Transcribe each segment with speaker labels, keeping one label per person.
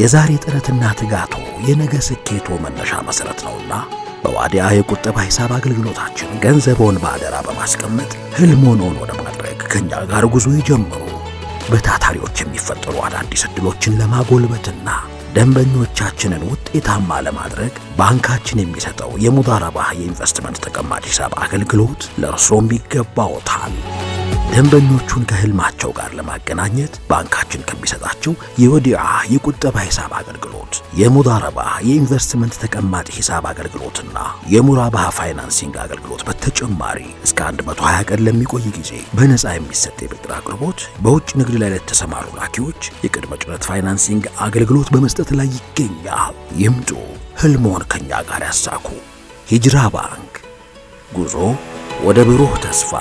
Speaker 1: የዛሬ ጥረትና ትጋቶ የነገ ስኬቶ መነሻ መሰረት ነውና በዋዲያ የቁጠባ ሂሳብ አገልግሎታችን ገንዘቦን በአደራ በማስቀመጥ ህልሞን ሆኖ ለማድረግ ከእኛ ጋር ጉዞ ይጀምሩ። በታታሪዎች የሚፈጠሩ አዳዲስ ዕድሎችን ለማጎልበትና ደንበኞቻችንን ውጤታማ ለማድረግ ባንካችን የሚሰጠው የሙዳራባህ የኢንቨስትመንት ተቀማጭ ሂሳብ አገልግሎት ለእርስዎ ይገባዎታል። ደንበኞቹን ከህልማቸው ጋር ለማገናኘት ባንካችን ከሚሰጣቸው የወዲዓ የቁጠባ ሂሳብ አገልግሎት፣ የሙዳረባ የኢንቨስትመንት ተቀማጭ ሂሳብ አገልግሎትና የሙራባ ፋይናንሲንግ አገልግሎት በተጨማሪ እስከ 120 ቀን ለሚቆይ ጊዜ በነፃ የሚሰጥ የብድር አቅርቦት በውጭ ንግድ ላይ ለተሰማሩ ላኪዎች የቅድመ ጭነት ፋይናንሲንግ አገልግሎት በመስጠት ላይ ይገኛል። ይምጡ፣ ህልሞን ከኛ ጋር ያሳኩ። ሂጅራ ባንክ ጉዞ ወደ ብሩህ ተስፋ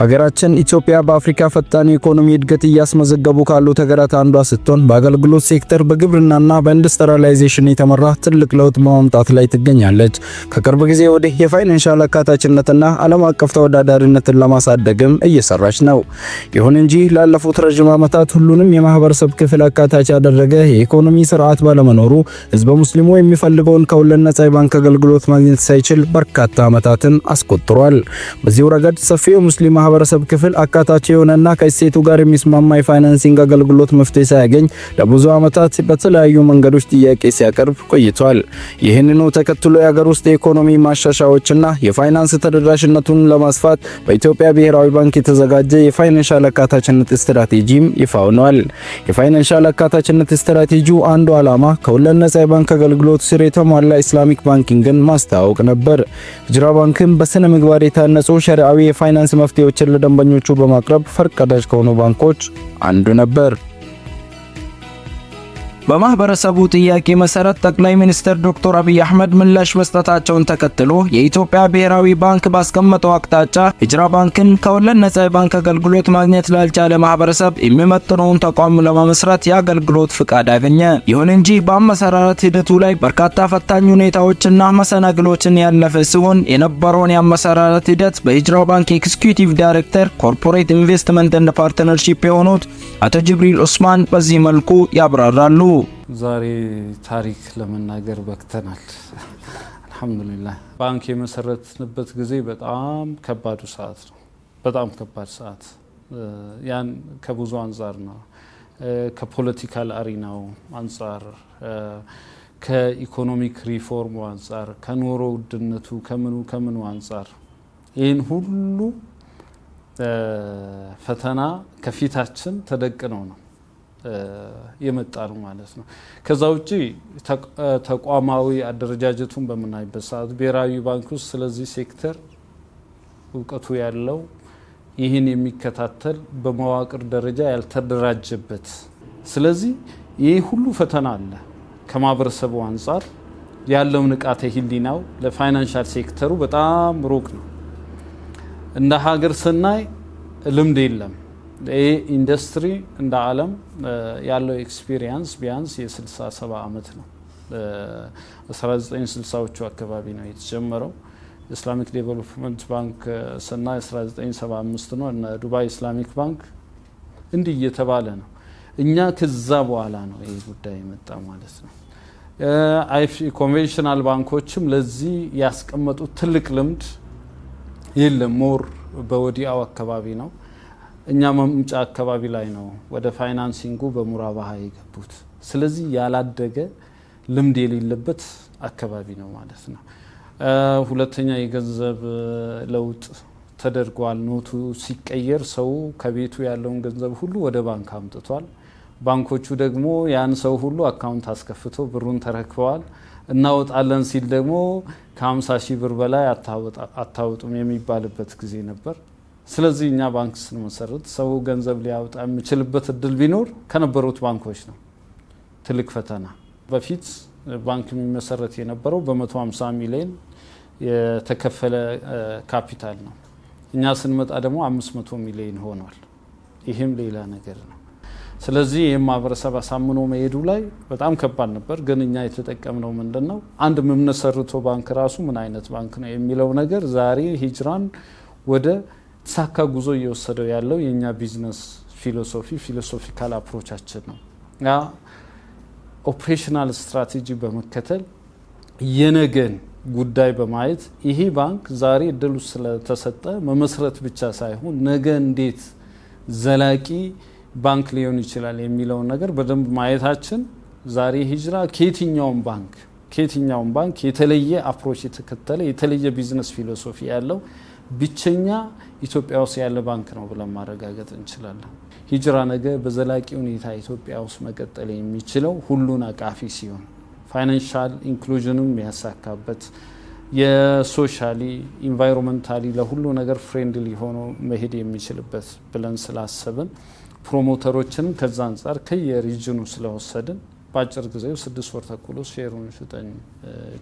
Speaker 2: ሀገራችን ኢትዮጵያ በአፍሪካ ፈጣን የኢኮኖሚ እድገት እያስመዘገቡ ካሉት ሀገራት አንዷ ስትሆን በአገልግሎት ሴክተር በግብርናና በኢንዱስትሪላይዜሽን የተመራ ትልቅ ለውጥ በማምጣት ላይ ትገኛለች። ከቅርብ ጊዜ ወዲህ የፋይናንሻል አካታችነትና ዓለም አቀፍ ተወዳዳሪነትን ለማሳደግም እየሰራች ነው። ይሁን እንጂ ላለፉት ረዥም ዓመታት ሁሉንም የማህበረሰብ ክፍል አካታች ያደረገ የኢኮኖሚ ስርዓት ባለመኖሩ ህዝበ ሙስሊሙ የሚፈልገውን ከሁለት ነጻ የባንክ አገልግሎት ማግኘት ሳይችል በርካታ ዓመታትን አስቆጥሯል። በዚሁ ረገድ ሰፊው ሙስሊም የማህበረሰብ ክፍል አካታች የሆነና ከእሴቱ ጋር የሚስማማ የፋይናንሲንግ አገልግሎት መፍትሄ ሳያገኝ ለብዙ ዓመታት በተለያዩ መንገዶች ጥያቄ ሲያቀርብ ቆይቷል። ይህንኑ ተከትሎ የሀገር ውስጥ የኢኮኖሚ ማሻሻያዎችና የፋይናንስ ተደራሽነቱን ለማስፋት በኢትዮጵያ ብሔራዊ ባንክ የተዘጋጀ የፋይናንሻል አካታችነት ስትራቴጂም ይፋ ሆኗል። የፋይናንሻል አካታችነት ስትራቴጂው አንዱ ዓላማ ከሁለት ነጻ የባንክ አገልግሎት ስር የተሟላ ኢስላሚክ ባንኪንግን ማስተዋወቅ ነበር። ሂጅራ ባንክም በስነ ምግባር የታነጹ ሸርዓዊ የፋይናንስ መፍትሄዎች ሀሳቦችን ለደንበኞቹ በማቅረብ ፈርቀዳጅ ከሆኑ ባንኮች አንዱ ነበር። በማህበረሰቡ ጥያቄ መሰረት ጠቅላይ ሚኒስትር ዶክተር አብይ አህመድ ምላሽ መስጠታቸውን ተከትሎ የኢትዮጵያ ብሔራዊ ባንክ ባስቀመጠው አቅጣጫ ሂጅራ ባንክን ከወለድ ነጻ የባንክ አገልግሎት ማግኘት ላልቻለ ማህበረሰብ የሚመጥነውን ተቋም ለመመስረት የአገልግሎት ፍቃድ አገኘ። ይሁን እንጂ በአመሰራረት ሂደቱ ላይ በርካታ ፈታኝ ሁኔታዎችና መሰናግሎችን ያለፈ ሲሆን የነበረውን የአመሰራረት ሂደት በሂጅራ ባንክ ኤክስኪዩቲቭ ዳይሬክተር ኮርፖሬት ኢንቨስትመንት ኤንድ ፓርትነርሺፕ የሆኑት አቶ ጅብሪል ኡስማን በዚህ መልኩ ያብራራሉ።
Speaker 3: ዛሬ ታሪክ ለመናገር በክተናል። አልሐምዱሊላህ ባንክ የመሰረትንበት ጊዜ በጣም ከባዱ ሰዓት ነው። በጣም ከባድ ሰዓት ያን ከብዙ አንጻር ነው። ከፖለቲካል አሪናው አንጻር፣ ከኢኮኖሚክ ሪፎርሙ አንጻር፣ ከኑሮ ውድነቱ ከምኑ ከምኑ አንጻር ይህን ሁሉ ፈተና ከፊታችን ተደቅነው ነው የመጣ ነው ማለት ነው። ከዛ ውጭ ተቋማዊ አደረጃጀቱን በምናይበት ሰዓት ብሔራዊ ባንክ ውስጥ ስለዚህ ሴክተር እውቀቱ ያለው ይህን የሚከታተል በመዋቅር ደረጃ ያልተደራጀበት፣ ስለዚህ ይህ ሁሉ ፈተና አለ። ከማህበረሰቡ አንጻር ያለው ንቃተ ህሊናው ለፋይናንሻል ሴክተሩ በጣም ሩቅ ነው። እንደ ሀገር ስናይ ልምድ የለም። ይህ ኢንዱስትሪ እንደ ዓለም ያለው ኤክስፒሪየንስ ቢያንስ የ67 ዓመት ነው። 1960ዎቹ አካባቢ ነው የተጀመረው። ኢስላሚክ ዴቨሎፕመንት ባንክ ስና 1975 ነው። እና ዱባይ ኢስላሚክ ባንክ እንዲህ እየተባለ ነው። እኛ ከዛ በኋላ ነው ይህ ጉዳይ የመጣ ማለት ነው። ኮንቬንሽናል ባንኮችም ለዚህ ያስቀመጡት ትልቅ ልምድ የለም። ሞር በወዲያው አካባቢ ነው እኛ መምጫ አካባቢ ላይ ነው ወደ ፋይናንሲንጉ በሙራ ባህ የገቡት። ስለዚህ ያላደገ ልምድ የሌለበት አካባቢ ነው ማለት ነው። ሁለተኛ የገንዘብ ለውጥ ተደርጓል። ኖቱ ሲቀየር ሰው ከቤቱ ያለውን ገንዘብ ሁሉ ወደ ባንክ አምጥቷል። ባንኮቹ ደግሞ ያን ሰው ሁሉ አካውንት አስከፍተው ብሩን ተረክበዋል። እናወጣለን ሲል ደግሞ ከ50 ሺህ ብር በላይ አታወጡም የሚባልበት ጊዜ ነበር። ስለዚህ እኛ ባንክ ስንመሰርት ሰው ገንዘብ ሊያወጣ የሚችልበት እድል ቢኖር ከነበሩት ባንኮች ነው። ትልቅ ፈተና በፊት ባንክ የሚመሰረት የነበረው በ150 ሚሊዮን የተከፈለ ካፒታል ነው። እኛ ስንመጣ ደግሞ 500 ሚሊዮን ሆኗል። ይህም ሌላ ነገር ነው። ስለዚህ ይህም ማህበረሰብ አሳምኖ መሄዱ ላይ በጣም ከባድ ነበር። ግን እኛ የተጠቀምነው ምንድን ነው አንድ የምንመሰርተው ባንክ ራሱ ምን አይነት ባንክ ነው የሚለው ነገር ዛሬ ሂጅራን ወደ የተሳካ ጉዞ እየወሰደው ያለው የእኛ ቢዝነስ ፊሎሶፊ ፊሎሶፊካል አፕሮቻችን ነው። ያ ኦፕሬሽናል ስትራቴጂ በመከተል የነገን ጉዳይ በማየት ይሄ ባንክ ዛሬ እድሉ ስለተሰጠ መመስረት ብቻ ሳይሆን ነገ እንዴት ዘላቂ ባንክ ሊሆን ይችላል የሚለውን ነገር በደንብ ማየታችን ዛሬ ሂጅራ ከየትኛውም ባንክ ከየትኛውም ባንክ የተለየ አፕሮች የተከተለ የተለየ ቢዝነስ ፊሎሶፊ ያለው ብቸኛ ኢትዮጵያ ውስጥ ያለ ባንክ ነው ብለን ማረጋገጥ እንችላለን። ሂጅራ ነገ በዘላቂ ሁኔታ ኢትዮጵያ ውስጥ መቀጠል የሚችለው ሁሉን አቃፊ ሲሆን ፋይናንሻል ኢንክሉዥንም ያሳካበት የሶሻሊ ኢንቫይሮንመንታሊ ለሁሉ ነገር ፍሬንድሊ ሆኖ መሄድ የሚችልበት ብለን ስላሰብን ፕሮሞተሮችንም ከዛ አንጻር ከየሪጅኑ ስለወሰድን በአጭር ጊዜ ስድስት ወር ተኩል ውስጥ ሼሩን ሽጠን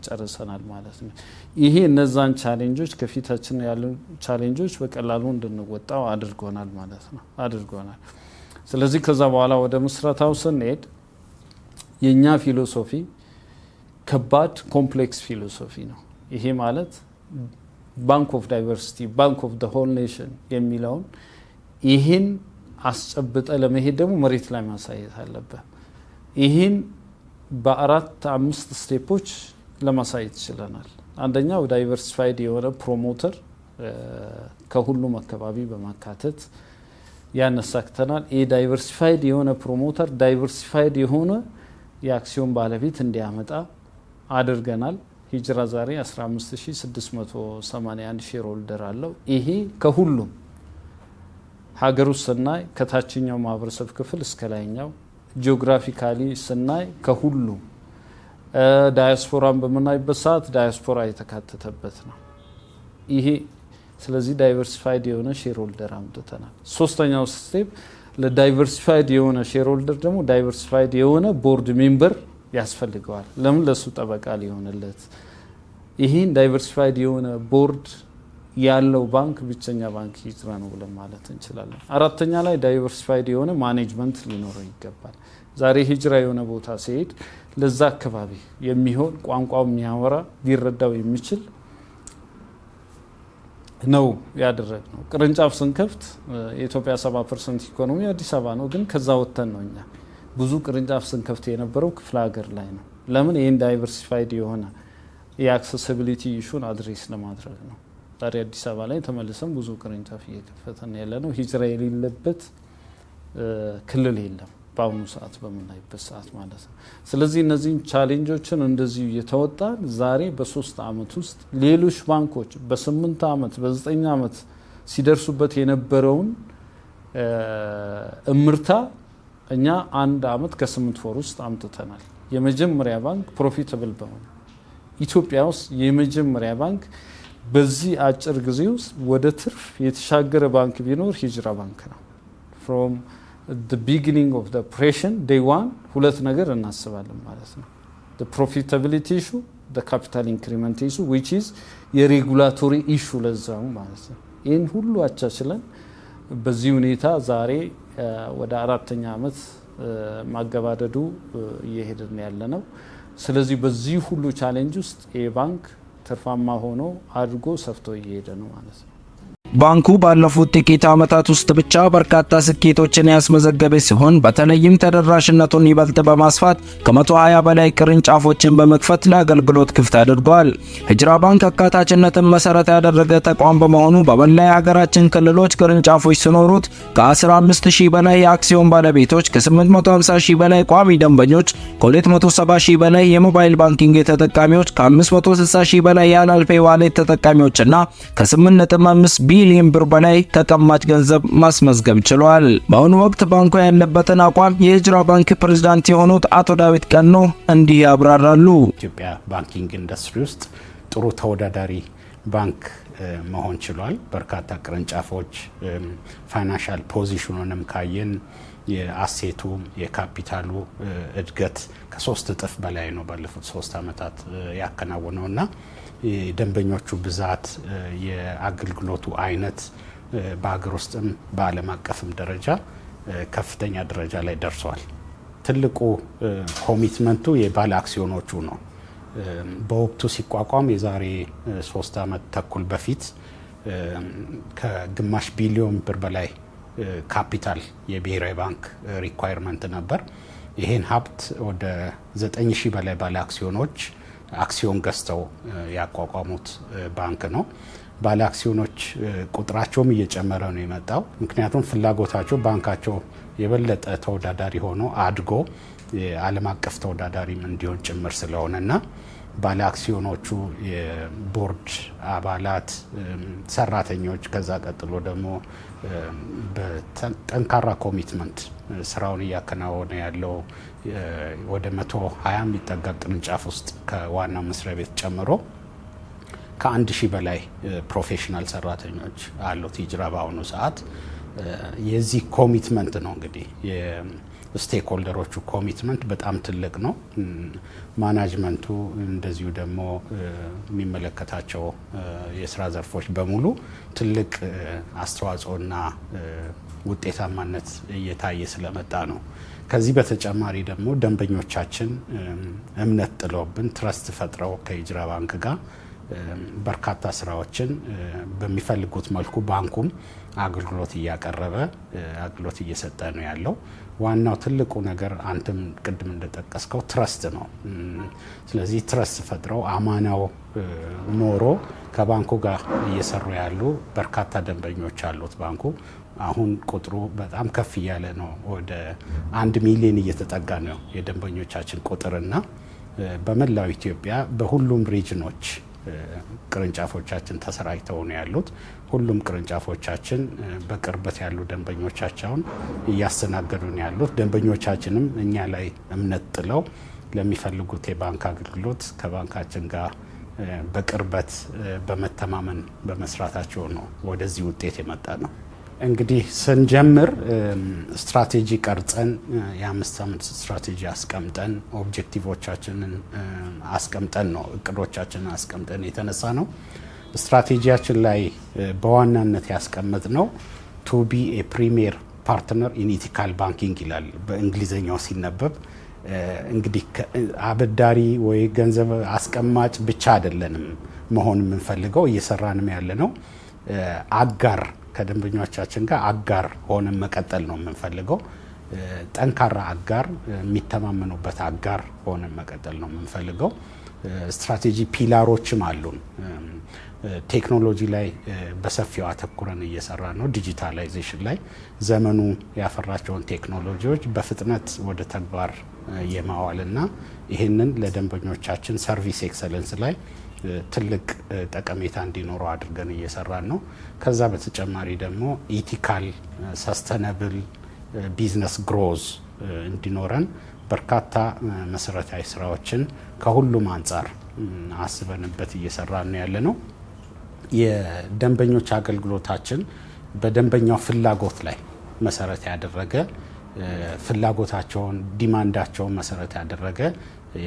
Speaker 3: ጨርሰናል ማለት ነው። ይሄ እነዛን ቻሌንጆች ከፊታችን ያሉ ቻሌንጆች በቀላሉ እንድንወጣው አድርጎናል ማለት ነው አድርጎናል። ስለዚህ ከዛ በኋላ ወደ ምስረታው ስንሄድ የእኛ ፊሎሶፊ ከባድ ኮምፕሌክስ ፊሎሶፊ ነው። ይሄ ማለት ባንክ ኦፍ ዳይቨርሲቲ ባንክ ኦፍ ደ ሆል ኔሽን የሚለውን ይህን አስጨብጠ ለመሄድ ደግሞ መሬት ላይ ማሳየት አለበት። ይህን በአራት አምስት ስቴፖች ለማሳየት ይችለናል። አንደኛው ዳይቨርሲፋይድ የሆነ ፕሮሞተር ከሁሉም አካባቢ በማካተት ያነሳክተናል። ይህ ዳይቨርሲፋይድ የሆነ ፕሮሞተር ዳይቨርሲፋይድ የሆነ የአክሲዮን ባለቤት እንዲያመጣ አድርገናል። ሂጅራ ዛሬ 15681 ሼር ሆልደር አለው። ይሄ ከሁሉም ሀገር ውስጥ ስናይ ከታችኛው ማህበረሰብ ክፍል እስከ ላይኛው ጂኦግራፊካሊ ስናይ ከሁሉ ዳያስፖራን በምናይበት ሰዓት ዳያስፖራ የተካተተበት ነው ይሄ። ስለዚህ ዳይቨርሲፋይድ የሆነ ሼርሆልደር አምጥተናል። ሶስተኛው ስቴፕ ለዳይቨርሲፋይድ የሆነ ሼርሆልደር ደግሞ ዳይቨርሲፋይድ የሆነ ቦርድ ሜምበር ያስፈልገዋል። ለምን? ለሱ ጠበቃ ሊሆንለት ይህን ዳይቨርሲፋይድ የሆነ ቦርድ ያለው ባንክ ብቸኛ ባንክ ሂጅራ ነው ብለን ማለት እንችላለን። አራተኛ ላይ ዳይቨርሲፋይድ የሆነ ማኔጅመንት ሊኖረው ይገባል። ዛሬ ሂጅራ የሆነ ቦታ ሲሄድ ለዛ አካባቢ የሚሆን ቋንቋው የሚያወራ ሊረዳው የሚችል ነው ያደረግ ነው። ቅርንጫፍ ስንከፍት የኢትዮጵያ 70 ፐርሰንት ኢኮኖሚ አዲስ አበባ ነው፣ ግን ከዛ ወጥተን ነው እኛ ብዙ ቅርንጫፍ ስንከፍት የነበረው ክፍለ ሀገር ላይ ነው። ለምን? ይህን ዳይቨርሲፋይድ የሆነ የአክሰሲቢሊቲ ኢሹን አድሬስ ለማድረግ ነው። ጣሪ አዲስ አበባ ላይ ተመልሰን ብዙ ቅርንጫፍ እየከፈተን ያለ ነው። ሂጅራ የሌለበት ክልል የለም በአሁኑ ሰዓት በምናይበት ሰዓት ማለት ነው። ስለዚህ እነዚህን ቻሌንጆችን እንደዚሁ እየተወጣን ዛሬ በሶስት አመት ውስጥ ሌሎች ባንኮች በስምንት አመት በዘጠኝ አመት ሲደርሱበት የነበረውን እምርታ እኛ አንድ አመት ከስምንት ወር ውስጥ አምጥተናል። የመጀመሪያ ባንክ ፕሮፊታብል በሆነ ኢትዮጵያ ውስጥ የመጀመሪያ ባንክ በዚህ አጭር ጊዜ ውስጥ ወደ ትርፍ የተሻገረ ባንክ ቢኖር ሂጅራ ባንክ ነው። ፍሮም ዘ ቢግኒንግ ኦፍ ኦፕሬሽን ዴይ ዋን ሁለት ነገር እናስባለን ማለት ነው። ዘ ፕሮፊታቢሊቲ ኢሹ፣ ካፒታል ኢንክሪመንት ኢሹ ዊች ኢዝ የሬጉላቶሪ ኢሹ ለዛው ማለት ነው። ይህን ሁሉ አቻችለን በዚህ ሁኔታ ዛሬ ወደ አራተኛ ዓመት ማገባደዱ እየሄድን ያለ ነው። ስለዚህ በዚህ ሁሉ ቻሌንጅ ውስጥ ይህ ባንክ ትርፋማ ሆኖ አድጎ ሰፍቶ እየሄደ ነው ማለት ነው።
Speaker 2: ባንኩ ባለፉት ጥቂት ዓመታት ውስጥ ብቻ በርካታ ስኬቶችን ያስመዘገበ ሲሆን በተለይም ተደራሽነቱን ይበልጥ በማስፋት ከ120 በላይ ቅርንጫፎችን በመክፈት ለአገልግሎት ክፍት አድርጓል። ሂጅራ ባንክ አካታችነትን መሰረት ያደረገ ተቋም በመሆኑ በመላ የሀገራችን ክልሎች ቅርንጫፎች ሲኖሩት ከ15000 በላይ የአክሲዮን ባለቤቶች፣ ከ850000 በላይ ቋሚ ደንበኞች፣ ከ270000 በላይ የሞባይል ባንኪንግ ተጠቃሚዎች፣ ከ560000 በላይ የአላልፔ ዋሌት ተጠቃሚዎችና ከ8.5 ቢሊዮን ብር በላይ ተቀማጭ ገንዘብ ማስመዝገብ ችሏል። በአሁኑ ወቅት ባንኩ ያለበትን አቋም የሂጅራ ባንክ ፕሬዝዳንት የሆኑት አቶ ዳዊት ቀኖ እንዲህ ያብራራሉ።
Speaker 4: ኢትዮጵያ ባንኪንግ ኢንዱስትሪ ውስጥ ጥሩ ተወዳዳሪ ባንክ መሆን ችሏል። በርካታ ቅርንጫፎች ፋይናንሻል ፖዚሽኑንም ካየን የአሴቱ የካፒታሉ እድገት ከሶስት እጥፍ በላይ ነው ባለፉት ሶስት ዓመታት ያከናወነውና የደንበኞቹ ብዛት፣ የአገልግሎቱ አይነት በሀገር ውስጥም በዓለም አቀፍም ደረጃ ከፍተኛ ደረጃ ላይ ደርሷል። ትልቁ ኮሚትመንቱ የባለ አክሲዮኖቹ ነው። በወቅቱ ሲቋቋም የዛሬ ሶስት ዓመት ተኩል በፊት ከግማሽ ቢሊዮን ብር በላይ ካፒታል የብሔራዊ ባንክ ሪኳየርመንት ነበር። ይህን ሀብት ወደ ዘጠኝ ሺህ በላይ ባለ አክሲዮኖች አክሲዮን ገዝተው ያቋቋሙት ባንክ ነው። ባለ አክሲዮኖች ቁጥራቸውም እየጨመረ ነው የመጣው። ምክንያቱም ፍላጎታቸው ባንካቸው የበለጠ ተወዳዳሪ ሆኖ አድጎ ዓለም አቀፍ ተወዳዳሪም እንዲሆን ጭምር ስለሆነና ባለ አክሲዮኖቹ የቦርድ አባላት፣ ሰራተኞች ከዛ ቀጥሎ ደግሞ በጠንካራ ኮሚትመንት ስራውን እያከናወነ ያለው ወደ መቶ ሀያ የሚጠጋ ቅርንጫፍ ውስጥ ከዋናው መስሪያ ቤት ጨምሮ ከአንድ ሺህ በላይ ፕሮፌሽናል ሰራተኞች አሉት ሂጅራ በአሁኑ ሰዓት የዚህ ኮሚትመንት ነው እንግዲህ ስቴክሆልደሮቹ ኮሚትመንት በጣም ትልቅ ነው። ማናጅመንቱ እንደዚሁ ደግሞ የሚመለከታቸው የስራ ዘርፎች በሙሉ ትልቅ አስተዋጽኦና ውጤታማነት እየታየ ስለመጣ ነው። ከዚህ በተጨማሪ ደግሞ ደንበኞቻችን እምነት ጥለውብን ትረስት ፈጥረው ከሂጅራ ባንክ ጋር በርካታ ስራዎችን በሚፈልጉት መልኩ ባንኩም አገልግሎት እያቀረበ አገልግሎት እየሰጠ ነው ያለው። ዋናው ትልቁ ነገር አንተም ቅድም እንደጠቀስከው ትረስት ነው። ስለዚህ ትረስት ፈጥረው አማናው ኖሮ ከባንኩ ጋር እየሰሩ ያሉ በርካታ ደንበኞች አሉት ባንኩ። አሁን ቁጥሩ በጣም ከፍ እያለ ነው። ወደ አንድ ሚሊዮን እየተጠጋ ነው የደንበኞቻችን ቁጥርና በመላው ኢትዮጵያ በሁሉም ሪጅኖች ቅርንጫፎቻችን ተሰራጭተው ነው ያሉት። ሁሉም ቅርንጫፎቻችን በቅርበት ያሉ ደንበኞቻቸውን እያስተናገዱን ያሉት ደንበኞቻችንም እኛ ላይ እምነት ጥለው ለሚፈልጉት የባንክ አገልግሎት ከባንካችን ጋር በቅርበት በመተማመን በመስራታቸው ነው ወደዚህ ውጤት የመጣ ነው። እንግዲህ ስንጀምር ስትራቴጂ ቀርጸን የአምስት ዓመት ስትራቴጂ አስቀምጠን ኦብጀክቲቮቻችንን አስቀምጠን ነው እቅዶቻችንን አስቀምጠን የተነሳ ነው። ስትራቴጂያችን ላይ በዋናነት ያስቀመጥ ነው ቱ ቢ ኤ ፕሪሚየር ፓርትነር ኢን ኢቲካል ባንኪንግ ይላል በእንግሊዝኛው ሲነበብ። እንግዲህ አበዳሪ ወይ ገንዘብ አስቀማጭ ብቻ አይደለንም መሆን የምንፈልገው እየሰራንም ያለ ነው። አጋር ከደንበኞቻችን ጋር አጋር ሆነን መቀጠል ነው የምንፈልገው። ጠንካራ አጋር፣ የሚተማመኑበት አጋር ሆነን መቀጠል ነው የምንፈልገው። ስትራቴጂ ፒላሮችም አሉን። ቴክኖሎጂ ላይ በሰፊው አተኩረን እየሰራ ነው። ዲጂታላይዜሽን ላይ ዘመኑ ያፈራቸውን ቴክኖሎጂዎች በፍጥነት ወደ ተግባር የማዋልና ይህንን ለደንበኞቻችን ሰርቪስ ኤክሰለንስ ላይ ትልቅ ጠቀሜታ እንዲኖረው አድርገን እየሰራን ነው። ከዛ በተጨማሪ ደግሞ ኢቲካል ሰስተነብል ቢዝነስ ግሮዝ እንዲኖረን በርካታ መሰረታዊ ስራዎችን ከሁሉም አንጻር አስበንበት እየሰራን ያለ ነው። የደንበኞች አገልግሎታችን በደንበኛው ፍላጎት ላይ መሰረት ያደረገ ፍላጎታቸውን ዲማንዳቸውን መሰረት ያደረገ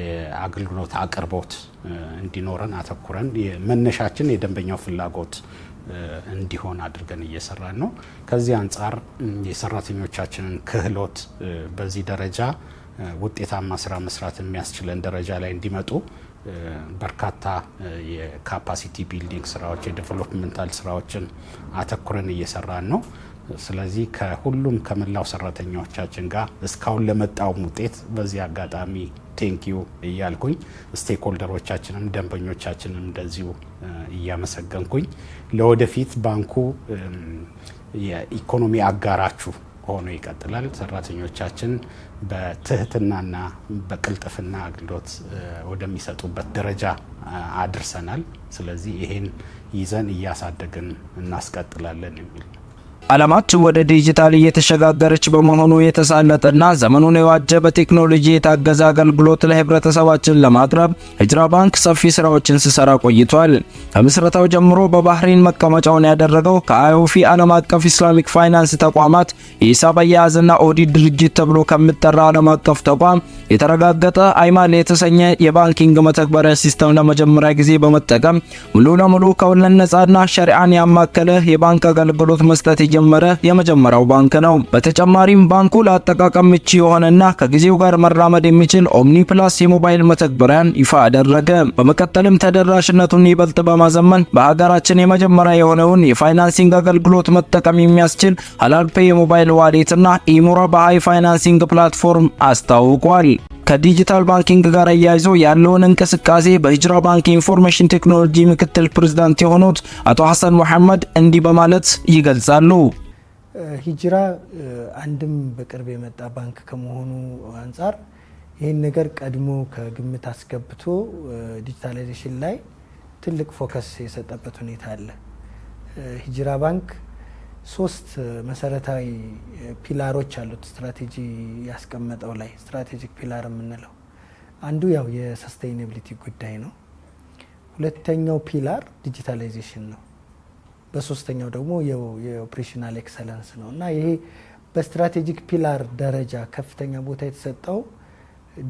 Speaker 4: የአገልግሎት አቅርቦት እንዲኖረን አተኩረን መነሻችን የደንበኛው ፍላጎት እንዲሆን አድርገን እየሰራን ነው። ከዚህ አንጻር የሰራተኞቻችንን ክህሎት በዚህ ደረጃ ውጤታማ ስራ መስራት የሚያስችለን ደረጃ ላይ እንዲመጡ በርካታ የካፓሲቲ ቢልዲንግ ስራዎች የዴቨሎፕመንታል ስራዎችን አተኩረን እየሰራን ነው። ስለዚህ ከሁሉም ከመላው ሰራተኛዎቻችን ጋር እስካሁን ለመጣውም ውጤት በዚህ አጋጣሚ ቴንኪዩ እያልኩኝ ስቴክሆልደሮቻችንም ደንበኞቻችንም እንደዚሁ እያመሰገንኩኝ ለወደፊት ባንኩ የኢኮኖሚ አጋራችሁ ሆኖ ይቀጥላል። ሰራተኞቻችን በትህትናና በቅልጥፍና አገልግሎት ወደሚሰጡበት ደረጃ አድርሰናል። ስለዚህ ይሄን ይዘን እያሳደግን እናስቀጥላለን የሚል
Speaker 2: ዓለማችን ወደ ዲጂታል እየተሸጋገረች በመሆኑ የተሳለጠና ዘመኑን የዋጀ በቴክኖሎጂ የታገዘ አገልግሎት ለህብረተሰባችን ለማቅረብ ሂጅራ ባንክ ሰፊ ስራዎችን ሲሰራ ቆይቷል። ከምስረታው ጀምሮ በባህሬን መቀመጫውን ያደረገው ከአይኦፊ ዓለም አቀፍ ኢስላሚክ ፋይናንስ ተቋማት የሂሳብ አያያዝና ኦዲት ድርጅት ተብሎ ከሚጠራ ዓለም አቀፍ ተቋም የተረጋገጠ አይማል የተሰኘ የባንኪንግ መተግበሪያ ሲስተም ለመጀመሪያ ጊዜ በመጠቀም ሙሉ ለሙሉ ከወለድ ነጻና ሸሪዓን ያማከለ የባንክ አገልግሎት መስጠት የጀመረ የመጀመሪያው ባንክ ነው። በተጨማሪም ባንኩ ለአጠቃቀም ምቹ የሆነና ከጊዜው ጋር መራመድ የሚችል ኦምኒ ፕላስ የሞባይል መተግበሪያን ይፋ አደረገ። በመቀጠልም ተደራሽነቱን ይበልጥ በማዘመን በሀገራችን የመጀመሪያ የሆነውን የፋይናንሲንግ አገልግሎት መጠቀም የሚያስችል ሀላልፔ የሞባይል ዋሌትና ኢሙራ በሃይ ፋይናንሲንግ ፕላትፎርም አስታውቋል። ከዲጂታል ባንኪንግ ጋር አያይዞ ያለውን እንቅስቃሴ በሂጅራ ባንክ ኢንፎርሜሽን ቴክኖሎጂ ምክትል ፕሬዝዳንት የሆኑት አቶ ሐሰን መሐመድ እንዲህ በማለት ይገልጻሉ።
Speaker 5: ሂጅራ አንድም በቅርብ የመጣ ባንክ ከመሆኑ አንጻር ይህን ነገር ቀድሞ ከግምት አስገብቶ ዲጂታላይዜሽን ላይ ትልቅ ፎከስ የሰጠበት ሁኔታ አለ። ሂጅራ ባንክ ሶስት መሰረታዊ ፒላሮች አሉት ስትራቴጂ ያስቀመጠው ላይ ስትራቴጂክ ፒላር የምንለው አንዱ ያው የሰስቴይናብሊቲ ጉዳይ ነው። ሁለተኛው ፒላር ዲጂታላይዜሽን ነው። በሶስተኛው ደግሞ የኦፕሬሽናል ኤክሰለንስ ነው እና ይሄ በስትራቴጂክ ፒላር ደረጃ ከፍተኛ ቦታ የተሰጠው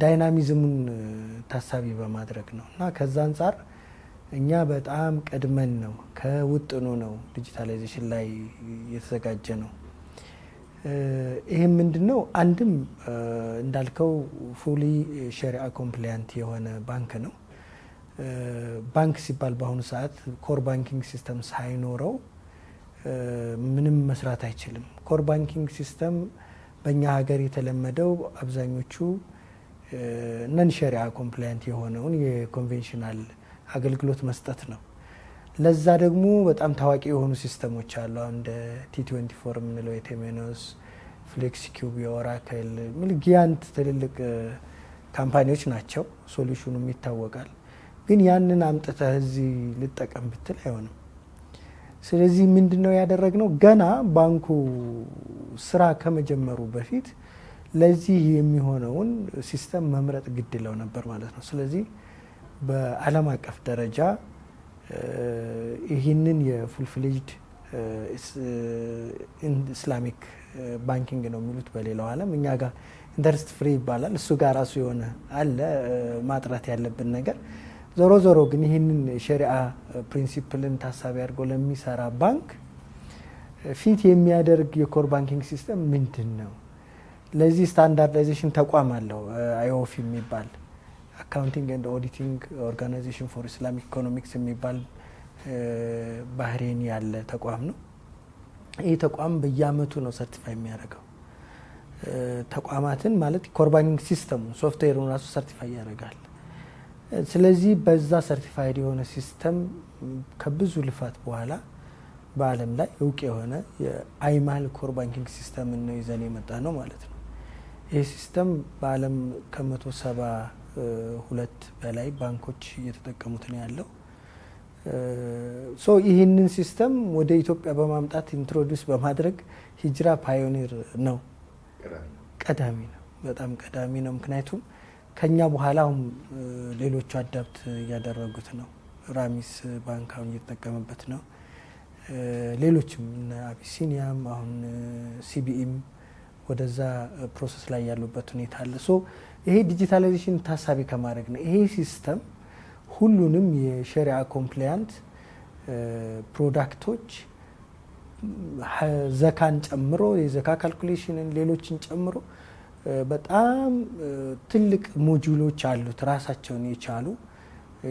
Speaker 5: ዳይናሚዝሙን ታሳቢ በማድረግ ነው እና ከዛ አንጻር እኛ በጣም ቀድመን ነው ከውጥኑ ነው ዲጂታላይዜሽን ላይ የተዘጋጀ ነው። ይህም ምንድን ነው? አንድም እንዳልከው ፉሊ ሸሪአ ኮምፕሊያንት የሆነ ባንክ ነው። ባንክ ሲባል በአሁኑ ሰዓት ኮር ባንኪንግ ሲስተም ሳይኖረው ምንም መስራት አይችልም። ኮር ባንኪንግ ሲስተም በእኛ ሀገር የተለመደው አብዛኞቹ ነን ሸሪአ ኮምፕላያንት የሆነውን የኮንቬንሽናል አገልግሎት መስጠት ነው። ለዛ ደግሞ በጣም ታዋቂ የሆኑ ሲስተሞች አሉ። እንደ ቲ24 የምንለው የቴሜኖስ ፍሌክስ ኪዩብ፣ የኦራክል ምልጊያንት ትልልቅ ካምፓኒዎች ናቸው። ሶሉሽኑም ይታወቃል። ግን ያንን አምጥተህ እዚህ ልጠቀም ብትል አይሆንም። ስለዚህ ምንድን ነው ያደረግነው? ገና ባንኩ ስራ ከመጀመሩ በፊት ለዚህ የሚሆነውን ሲስተም መምረጥ ግድለው ነበር ማለት ነው። ስለዚህ በዓለም አቀፍ ደረጃ ይህንን የፉልፍሌጅድ ኢስላሚክ ባንኪንግ ነው የሚሉት በሌላው ዓለም። እኛ ጋር ኢንተርስት ፍሪ ይባላል። እሱ ጋር ራሱ የሆነ አለ ማጥራት ያለብን ነገር። ዞሮ ዞሮ ግን ይህንን የሸሪአ ፕሪንሲፕልን ታሳቢ አድርጎ ለሚሰራ ባንክ ፊት የሚያደርግ የኮር ባንኪንግ ሲስተም ምንድን ነው? ለዚህ ስታንዳርዳይዜሽን ተቋም አለው አይኦፍ የሚባል አካውንቲንግ ኤንድ ኦዲቲንግ ኦርጋናይዜሽን ፎር ኢስላሚክ ኢኮኖሚክስ የሚባል ባህሬን ያለ ተቋም ነው። ይህ ተቋም በየአመቱ ነው ሰርቲፋይ የሚያደርገው ተቋማትን ማለት ኮርባኒንግ ሲስተሙ ሶፍትዌሩን ራሱ ሰርቲፋይ ያደርጋል። ስለዚህ በዛ ሰርቲፋይድ የሆነ ሲስተም ከብዙ ልፋት በኋላ በዓለም ላይ እውቅ የሆነ የአይማል ኮር ባንኪንግ ሲስተም ነው ይዘን የመጣ ነው ማለት ነው። ይህ ሲስተም በዓለም ከመቶ ሰባ ሁለት በላይ ባንኮች እየተጠቀሙት ነው ያለው። ሶ ይህንን ሲስተም ወደ ኢትዮጵያ በማምጣት ኢንትሮዱስ በማድረግ ሂጅራ ፓዮኒር ነው፣ ቀዳሚ ነው፣ በጣም ቀዳሚ ነው። ምክንያቱም ከኛ በኋላ ሌሎቹ አዳፕት እያደረጉት ነው። ራሚስ ባንክ አሁን እየተጠቀመበት ነው። ሌሎችም አቢሲኒያም አሁን ሲቢኢም ወደዛ ፕሮሰስ ላይ ያሉበት ሁኔታ አለ። ይሄ ዲጂታላይዜሽን ታሳቢ ከማድረግ ነው። ይሄ ሲስተም ሁሉንም የሸሪያ ኮምፕላያንት ፕሮዳክቶች ዘካን ጨምሮ የዘካ ካልኩሌሽንን ሌሎችን ጨምሮ በጣም ትልቅ ሞጁሎች አሉት ራሳቸውን የቻሉ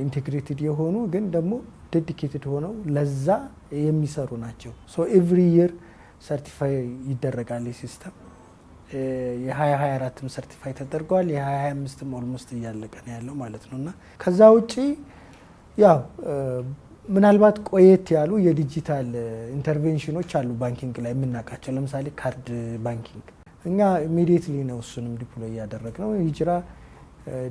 Speaker 5: ኢንቴግሬትድ የሆኑ ግን ደግሞ ዴዲኬትድ ሆነው ለዛ የሚሰሩ ናቸው። ሶ ኤቭሪ የር ሰርቲፋይ ይደረጋል ሲስተም የ2024ም ሰርቲፋይ ተደርጓል። የ2025ም ኦልሞስት እያለቀ ነው ያለው ማለት ነው እና ከዛ ውጪ ያው ምናልባት ቆየት ያሉ የዲጂታል ኢንተርቬንሽኖች አሉ ባንኪንግ ላይ የምናውቃቸው ለምሳሌ ካርድ ባንኪንግ እኛ ኢሚዲየትሊ ነው እሱንም ዲፕሎይ እያደረግ ነው ሂጅራ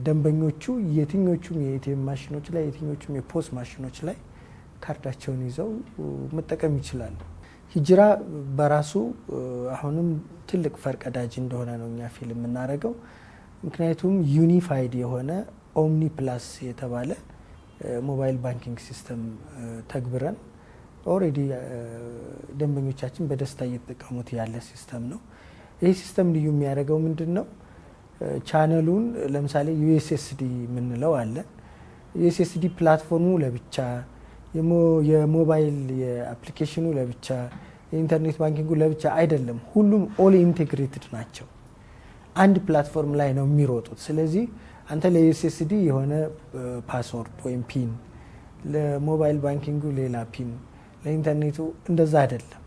Speaker 5: ደንበኞቹ የትኞቹም የኤቲኤም ማሽኖች ላይ የትኞቹም የፖስ ማሽኖች ላይ ካርዳቸውን ይዘው መጠቀም ይችላሉ። ሂጅራ በራሱ አሁንም ትልቅ ፈርቀዳጅ እንደሆነ ነው እኛ ፊልም የምናደርገው። ምክንያቱም ዩኒፋይድ የሆነ ኦምኒ ፕላስ የተባለ ሞባይል ባንኪንግ ሲስተም ተግብረን ኦልሬዲ ደንበኞቻችን በደስታ እየተጠቀሙት ያለ ሲስተም ነው። ይህ ሲስተም ልዩ የሚያደርገው ምንድን ነው? ቻነሉን ለምሳሌ ዩኤስኤስዲ የምንለው አለ። ዩኤስኤስዲ ፕላትፎርሙ ለብቻ የሞባይል የአፕሊኬሽኑ ለብቻ የኢንተርኔት ባንኪንጉ ለብቻ አይደለም። ሁሉም ኦል ኢንቴግሬትድ ናቸው። አንድ ፕላትፎርም ላይ ነው የሚሮጡት። ስለዚህ አንተ ለዩኤስኤስዲ የሆነ ፓስወርድ ወይም ፒን፣ ለሞባይል ባንኪንጉ ሌላ ፒን፣ ለኢንተርኔቱ እንደዛ አይደለም።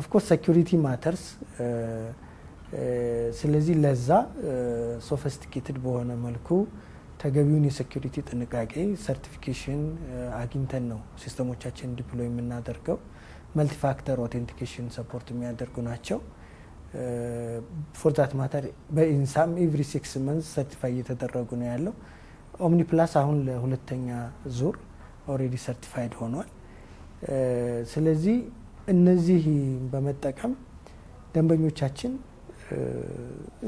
Speaker 5: ኦፍኮርስ ሴኩሪቲ ማተርስ። ስለዚህ ለዛ ሶፊስቲኬትድ በሆነ መልኩ ተገቢውን የሴኩሪቲ ጥንቃቄ ሰርቲፊኬሽን አግኝተን ነው ሲስተሞቻችን ዲፕሎይ የምናደርገው። መልቲፋክተር ኦቴንቲኬሽን ሰፖርት የሚያደርጉ ናቸው። ፎርዛት ማተር በኢንሳም ኤቭሪ ሲክስ መንዝ ሰርቲፋይ እየተደረጉ ነው ያለው። ኦምኒፕላስ አሁን ለሁለተኛ ዙር ኦልሬዲ ሰርቲፋይድ ሆኗል። ስለዚህ እነዚህ በመጠቀም ደንበኞቻችን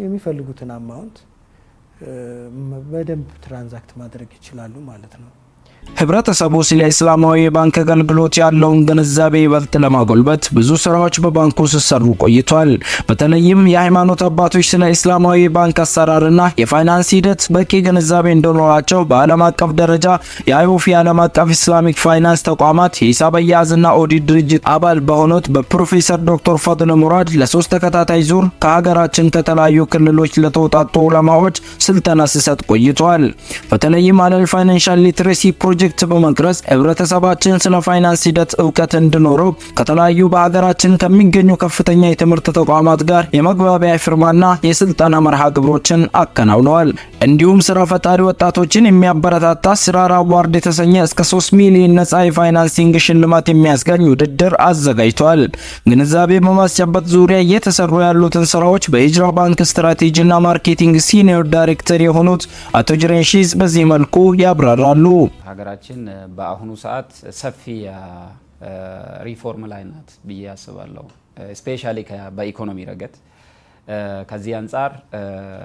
Speaker 5: የሚፈልጉትን አማውንት በደንብ ትራንዛክት ማድረግ ይችላሉ ማለት ነው።
Speaker 2: ህብረተሰቡ ስለ እስላማዊ የባንክ አገልግሎት ያለውን ግንዛቤ ይበልጥ ለማጎልበት ብዙ ስራዎች በባንኩ ሲሰሩ ቆይቷል። በተለይም የሃይማኖት አባቶች ስለ እስላማዊ ባንክ አሰራርና የፋይናንስ ሂደት በቂ ግንዛቤ እንዲኖራቸው በዓለም አቀፍ ደረጃ የአይሁፍ የዓለም አቀፍ ኢስላሚክ ፋይናንስ ተቋማት የሂሳብ አያያዝና ኦዲት ድርጅት አባል በሆኑት በፕሮፌሰር ዶክተር ፈድል ሙራድ ለሶስት ተከታታይ ዙር ከሀገራችን ከተለያዩ ክልሎች ለተውጣጡ ዑለማዎች ስልጠና ሲሰጥ ቆይቷል። በተለይም አለል ፋይናንሻል ሊትሬሲ ፕሮጀክት ፕሮጀክት በመቅረጽ ህብረተሰባችን ስለ ፋይናንስ ሂደት እውቀት እንዲኖረው ከተለያዩ በሀገራችን ከሚገኙ ከፍተኛ የትምህርት ተቋማት ጋር የመግባቢያ ፊርማና የስልጠና መርሃ ግብሮችን አከናውነዋል። እንዲሁም ስራ ፈጣሪ ወጣቶችን የሚያበረታታ ስራራ አዋርድ የተሰኘ እስከ 3 ሚሊዮን ነጻ የፋይናንሲንግ ሽልማት የሚያስገኝ ውድድር አዘጋጅቷል። ግንዛቤ በማስጨበጥ ዙሪያ እየተሰሩ ያሉትን ስራዎች በሂጅራ ባንክ ስትራቴጂና ማርኬቲንግ ሲኒየር ዳይሬክተር የሆኑት አቶ ጅሬንሺዝ በዚህ መልኩ ያብራራሉ።
Speaker 6: ሀገራችን በአሁኑ ሰዓት ሰፊ ሪፎርም ላይ ናት ብዬ አስባለሁ። ስፔሻሊ በኢኮኖሚ ረገድ ከዚህ አንጻር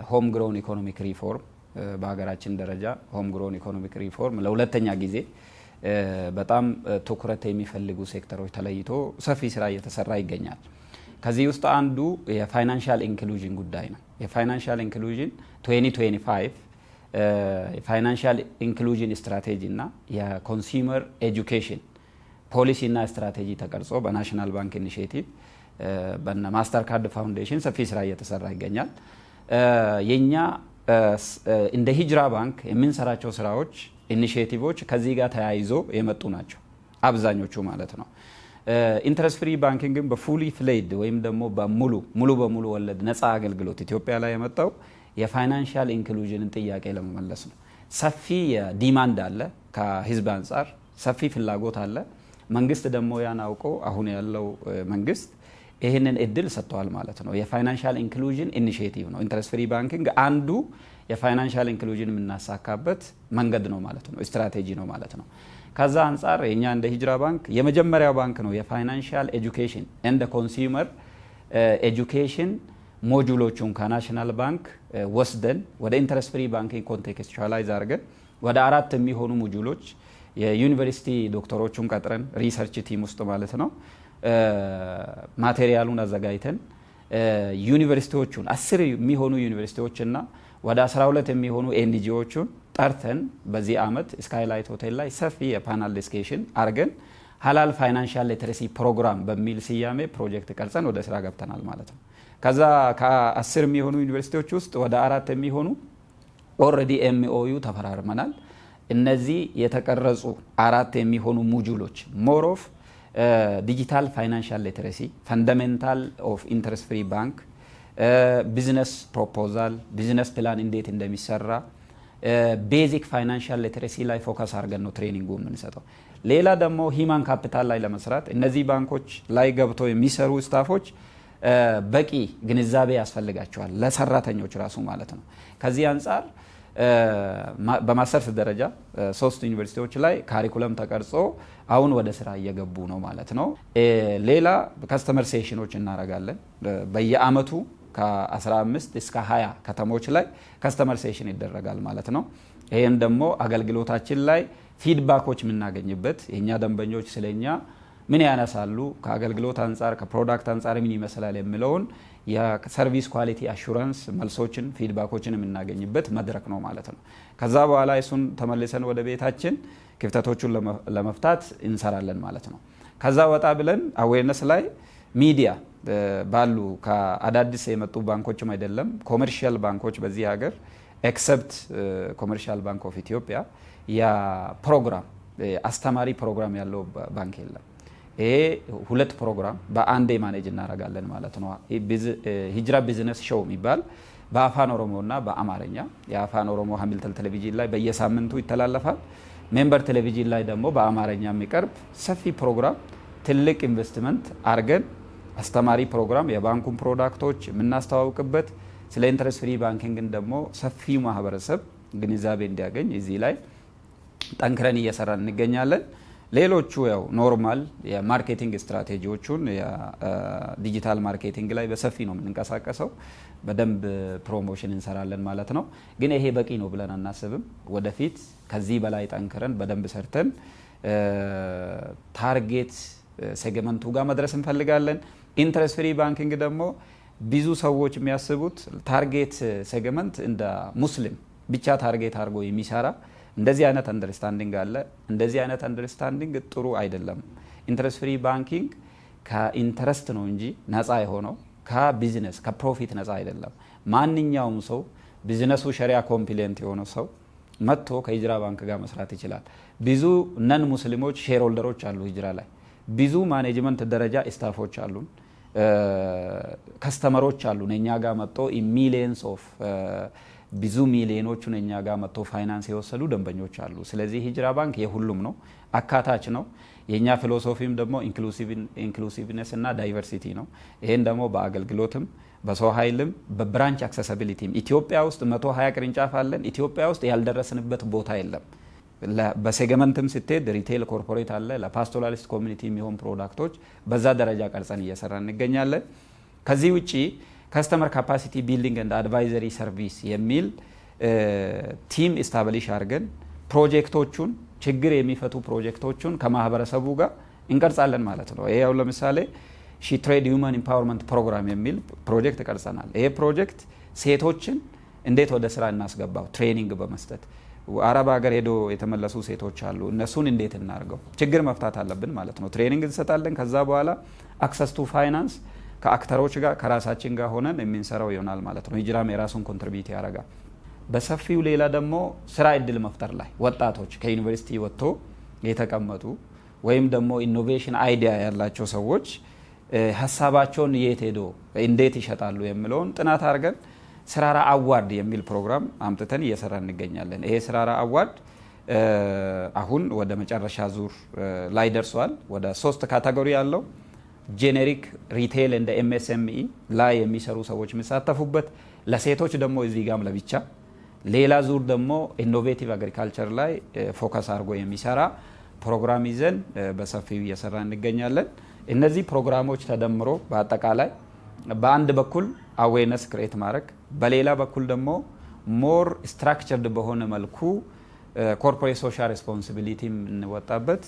Speaker 6: ሆም ግሮን ኢኮኖሚክ ሪፎርም በሀገራችን ደረጃ ሆም ግሮን ኢኮኖሚክ ሪፎርም ለሁለተኛ ጊዜ በጣም ትኩረት የሚፈልጉ ሴክተሮች ተለይቶ ሰፊ ስራ እየተሰራ ይገኛል። ከዚህ ውስጥ አንዱ የፋይናንሻል ኢንክሉዥን ጉዳይ ነው። የፋይናንሻል ኢንክሉዥን 2025 የፋይናንሻል ኢንክሉዥን ስትራቴጂ እና የኮንሱመር ኤጁኬሽን ፖሊሲ እና ስትራቴጂ ተቀርጾ በናሽናል ባንክ ኢኒሽቲቭ በነ ማስተር ካርድ ፋውንዴሽን ሰፊ ስራ እየተሰራ ይገኛል። የኛ እንደ ሂጅራ ባንክ የምንሰራቸው ስራዎች፣ ኢኒሽቲቮች ከዚህ ጋር ተያይዞ የመጡ ናቸው አብዛኞቹ ማለት ነው። ኢንትረስት ፍሪ ባንኪንግን በፉሊ ፍሌድ ወይም ደግሞ በሙሉ ሙሉ በሙሉ ወለድ ነፃ አገልግሎት ኢትዮጵያ ላይ የመጣው የፋይናንሻል ኢንክሉዥንን ጥያቄ ለመመለስ ነው። ሰፊ ዲማንድ አለ፣ ከህዝብ አንጻር ሰፊ ፍላጎት አለ። መንግስት ደግሞ ያን አውቆ አሁን ያለው መንግስት ይህንን እድል ሰጥተዋል ማለት ነው። የፋይናንሻል ኢንክሉዥን ኢኒሽቲቭ ነው። ኢንተረስት ፍሪ ባንኪንግ አንዱ የፋይናንሻል ኢንክሉዥን የምናሳካበት መንገድ ነው ማለት ነው፣ ስትራቴጂ ነው ማለት ነው። ከዛ አንጻር የእኛ እንደ ሂጅራ ባንክ የመጀመሪያው ባንክ ነው የፋይናንሻል ኤጁኬሽን እንደ ኮንሱመር ኤጁኬሽን ሞጁሎቹን ከናሽናል ባንክ ወስደን ወደ ኢንትረስት ፍሪ ባንኪንግ ኮንቴክስቹዋላይዝ አድርገን ወደ አራት የሚሆኑ ሞጁሎች የዩኒቨርሲቲ ዶክተሮቹን ቀጥረን ሪሰርች ቲም ውስጥ ማለት ነው ማቴሪያሉን አዘጋጅተን ዩኒቨርሲቲዎቹን አስር የሚሆኑ ዩኒቨርሲቲዎችና ወደ 12 የሚሆኑ ኤንጂዎቹን ጠርተን በዚህ ዓመት ስካይላይት ሆቴል ላይ ሰፊ የፓናል ዲስኬሽን አርገን ሀላል ፋይናንሻል ሊትሬሲ ፕሮግራም በሚል ስያሜ ፕሮጀክት ቀርጸን ወደ ስራ ገብተናል ማለት ነው። ከዛ ከአስር የሚሆኑ ዩኒቨርሲቲዎች ውስጥ ወደ አራት የሚሆኑ ኦልሬዲ ኤምኦዩ ተፈራርመናል። እነዚህ የተቀረጹ አራት የሚሆኑ ሙጁሎች ሞሮፍ ዲጂታል ፋይናንሻል ሊትረሲ፣ ፈንዳሜንታል ኦፍ ኢንትረስት ፍሪ ባንክ፣ ቢዝነስ ፕሮፖዛል፣ ቢዝነስ ፕላን እንዴት እንደሚሰራ ቤዚክ ፋይናንሻል ሊትረሲ ላይ ፎከስ አድርገን ነው ትሬኒንጉ የምንሰጠው። ሌላ ደግሞ ሂማን ካፒታል ላይ ለመስራት እነዚህ ባንኮች ላይ ገብተው የሚሰሩ ስታፎች በቂ ግንዛቤ ያስፈልጋቸዋል፣ ለሰራተኞች ራሱ ማለት ነው። ከዚህ አንጻር በማስተርስ ደረጃ ሶስት ዩኒቨርሲቲዎች ላይ ካሪኩለም ተቀርጾ አሁን ወደ ስራ እየገቡ ነው ማለት ነው። ሌላ ከስተመር ሴሽኖች እናደርጋለን በየአመቱ ከ15 እስከ 20 ከተሞች ላይ ከስተመር ሴሽን ይደረጋል ማለት ነው። ይህም ደግሞ አገልግሎታችን ላይ ፊድባኮች የምናገኝበት የእኛ ደንበኞች ስለኛ ምን ያነሳሉ፣ ከአገልግሎት አንጻር፣ ከፕሮዳክት አንጻር ምን ይመስላል የሚለውን የሰርቪስ ኳሊቲ አሹራንስ መልሶችን ፊድባኮችን የምናገኝበት መድረክ ነው ማለት ነው። ከዛ በኋላ እሱን ተመልሰን ወደ ቤታችን ክፍተቶቹን ለመፍታት እንሰራለን ማለት ነው። ከዛ ወጣ ብለን አዌርነስ ላይ ሚዲያ ባሉ ከአዳዲስ የመጡ ባንኮችም አይደለም ኮመርሻል ባንኮች በዚህ ሀገር ኤክሰፕት ኮመርሻል ባንክ ኦፍ ኢትዮጵያ የፕሮግራም አስተማሪ ፕሮግራም ያለው ባንክ የለም። ይሄ ሁለት ፕሮግራም በአንዴ ማኔጅ እናደርጋለን ማለት ነው። ሂጅራ ቢዝነስ ሾው የሚባል በአፋን ኦሮሞ እና በአማርኛ የአፋን ኦሮሞ ሀሚልተን ቴሌቪዥን ላይ በየሳምንቱ ይተላለፋል። ሜምበር ቴሌቪዥን ላይ ደግሞ በአማርኛ የሚቀርብ ሰፊ ፕሮግራም ትልቅ ኢንቨስትመንት አድርገን አስተማሪ ፕሮግራም የባንኩን ፕሮዳክቶች የምናስተዋውቅበት ስለ ኢንትረስት ፍሪ ባንኪንግን ደግሞ ሰፊ ማህበረሰብ ግንዛቤ እንዲያገኝ እዚህ ላይ ጠንክረን እየሰራን እንገኛለን። ሌሎቹ ያው ኖርማል የማርኬቲንግ ስትራቴጂዎቹን ዲጂታል ማርኬቲንግ ላይ በሰፊ ነው የምንንቀሳቀሰው። በደንብ ፕሮሞሽን እንሰራለን ማለት ነው። ግን ይሄ በቂ ነው ብለን አናስብም። ወደፊት ከዚህ በላይ ጠንክረን በደንብ ሰርተን ታርጌት ሴግመንቱ ጋር መድረስ እንፈልጋለን። ኢንትረስት ፍሪ ባንኪንግ ደግሞ ብዙ ሰዎች የሚያስቡት ታርጌት ሴግመንት እንደ ሙስሊም ብቻ ታርጌት አድርጎ የሚሰራ እንደዚህ አይነት አንደርስታንዲንግ አለ። እንደዚህ አይነት አንደርስታንዲንግ ጥሩ አይደለም። ኢንትረስት ፍሪ ባንኪንግ ከኢንትረስት ነው እንጂ ነፃ የሆነው ከቢዝነስ ከፕሮፊት ነፃ አይደለም። ማንኛውም ሰው ቢዝነሱ ሸሪያ ኮምፕሌንት የሆነ ሰው መጥቶ ከሂጅራ ባንክ ጋር መስራት ይችላል። ብዙ ነን ሙስሊሞች ሼር ሆልደሮች አሉ ሂጅራ ላይ ብዙ ማኔጅመንት ደረጃ ስታፎች አሉን፣ ከስተመሮች አሉን። እኛ ጋር መጥቶ ሚሊየንስ ኦፍ ብዙ ሚሊዮኖቹን እኛ ጋር መጥቶ ፋይናንስ የወሰዱ ደንበኞች አሉ። ስለዚህ ሂጅራ ባንክ የሁሉም ነው፣ አካታች ነው። የእኛ ፊሎሶፊም ደግሞ ኢንክሉሲቭነስ እና ዳይቨርሲቲ ነው። ይህን ደግሞ በአገልግሎትም በሰው ኃይልም በብራንች አክሰሳቢሊቲም ኢትዮጵያ ውስጥ 120 ቅርንጫፍ አለን። ኢትዮጵያ ውስጥ ያልደረስንበት ቦታ የለም። በሴገመንትም ስትሄድ ሪቴል ኮርፖሬት አለ። ለፓስቶራሊስት ኮሚኒቲ የሚሆን ፕሮዳክቶች በዛ ደረጃ ቀርጸን እየሰራ እንገኛለን። ከዚህ ውጭ ከስተመር ካፓሲቲ ቢልዲንግ እንድ አድቫይዘሪ ሰርቪስ የሚል ቲም ኢስታብሊሽ አድርገን ፕሮጀክቶቹን ችግር የሚፈቱ ፕሮጀክቶቹን ከማህበረሰቡ ጋር እንቀርጻለን ማለት ነው። ይሄ ለምሳሌ ሺ ትሬድ ሂውማን ኢምፓወርመንት ፕሮግራም የሚል ፕሮጀክት ቀርጸናል። ይሄ ፕሮጀክት ሴቶችን እንዴት ወደ ስራ እናስገባው ትሬኒንግ በመስጠት አረብ ሀገር ሄዶ የተመለሱ ሴቶች አሉ። እነሱን እንዴት እናርገው ችግር መፍታት አለብን ማለት ነው። ትሬኒንግ እንሰጣለን። ከዛ በኋላ አክሰስ ቱ ፋይናንስ ከአክተሮች ጋር ከራሳችን ጋር ሆነን የምንሰራው ይሆናል ማለት ነው። ሂጅራም የራሱን ኮንትሪቢዩት ያደርጋል። በሰፊው ሌላ ደግሞ ስራ እድል መፍጠር ላይ ወጣቶች ከዩኒቨርሲቲ ወጥቶ የተቀመጡ ወይም ደግሞ ኢኖቬሽን አይዲያ ያላቸው ሰዎች ሀሳባቸውን የት ሄዶ እንዴት ይሸጣሉ የሚለውን ጥናት አድርገን ስራራ አዋርድ የሚል ፕሮግራም አምጥተን እየሰራ እንገኛለን። ይሄ ስራራ አዋርድ አሁን ወደ መጨረሻ ዙር ላይ ደርሷል። ወደ ሶስት ካተጎሪ ያለው ጄኔሪክ ሪቴል እንደ ኤምኤስኤምኢ ላይ የሚሰሩ ሰዎች የሚሳተፉበት ለሴቶች ደግሞ እዚህ ጋም ለብቻ ሌላ ዙር ደግሞ ኢኖቬቲቭ አግሪካልቸር ላይ ፎከስ eh, አድርጎ የሚሰራ ፕሮግራም ይዘን eh, በሰፊው እየሰራ እንገኛለን። እነዚህ ፕሮግራሞች ተደምሮ በአጠቃላይ በአንድ በኩል አዌነስ ክሬት ማድረግ፣ በሌላ በኩል ደግሞ ሞር ስትራክቸርድ በሆነ መልኩ ኮርፖሬት ሶሻል ሬስፖንሲቢሊቲ የምንወጣበት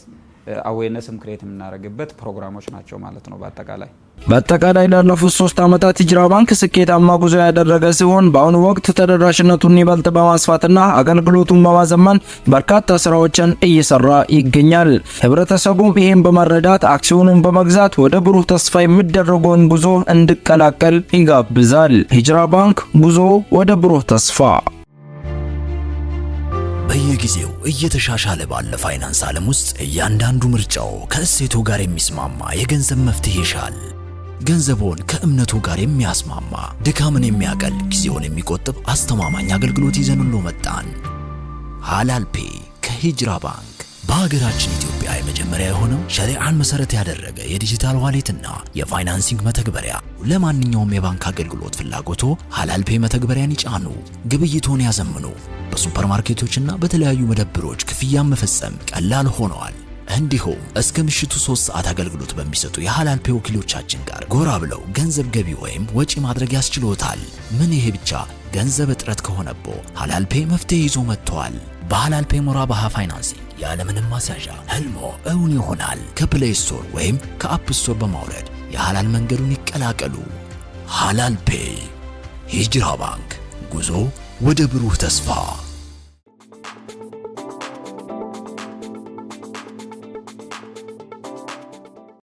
Speaker 6: አዌነስም ክሬት የምናደርግበት ፕሮግራሞች ናቸው ማለት ነው። በአጠቃላይ
Speaker 2: በአጠቃላይ ላለፉት ሶስት ዓመታት ሂጅራ ባንክ ስኬታማ ጉዞ ያደረገ ሲሆን በአሁኑ ወቅት ተደራሽነቱን ይበልጥ በማስፋትና አገልግሎቱን በማዘመን በርካታ ስራዎችን እየሰራ ይገኛል። ህብረተሰቡም ይህን በመረዳት አክሲዮኑን በመግዛት ወደ ብሩህ ተስፋ የሚደረገውን ጉዞ እንዲቀላቀል ይጋብዛል። ሂጅራ ባንክ ጉዞ ወደ ብሩህ ተስፋ
Speaker 1: በየጊዜው እየተሻሻለ ባለ ፋይናንስ ዓለም ውስጥ እያንዳንዱ ምርጫው ከእሴቱ ጋር የሚስማማ የገንዘብ መፍትሄ ይሻል። ገንዘቦን ከእምነቱ ጋር የሚያስማማ ድካምን የሚያቀል ጊዜውን የሚቆጥብ አስተማማኝ አገልግሎት ይዘንሎ መጣን። ሃላልፔ ከሂጅራ ባንክ በሀገራችን ኢትዮጵያ የመጀመሪያ የሆነው ሸሪዓን መሰረት ያደረገ የዲጂታል ዋሌትና የፋይናንሲንግ መተግበሪያ ለማንኛውም የባንክ አገልግሎት ፍላጎቶ ሀላል ፔ መተግበሪያን ይጫኑ፣ ግብይቶን ያዘምኑ። በሱፐርማርኬቶችና በተለያዩ መደብሮች ክፍያን መፈጸም ቀላል ሆነዋል። እንዲሁም እስከ ምሽቱ ሶስት ሰዓት አገልግሎት በሚሰጡ የሀላል ፔ ወኪሎቻችን ጋር ጎራ ብለው ገንዘብ ገቢ ወይም ወጪ ማድረግ ያስችሎታል። ምን ይሄ ብቻ! ገንዘብ እጥረት ከሆነቦ ሀላል ፔ መፍትሄ ይዞ መጥተዋል። በሀላል ፔ ሞራባሃ ፋይናንሲንግ ያለምንም ማስያዣ ህልሞ እውን ይሆናል። ከፕሌይ ስቶር ወይም ከአፕ ስቶር በማውረድ የሐላል መንገዱን ይቀላቀሉ። ሐላል ፔይ ሂጅራ ባንክ ጉዞ ወደ ብሩህ ተስፋ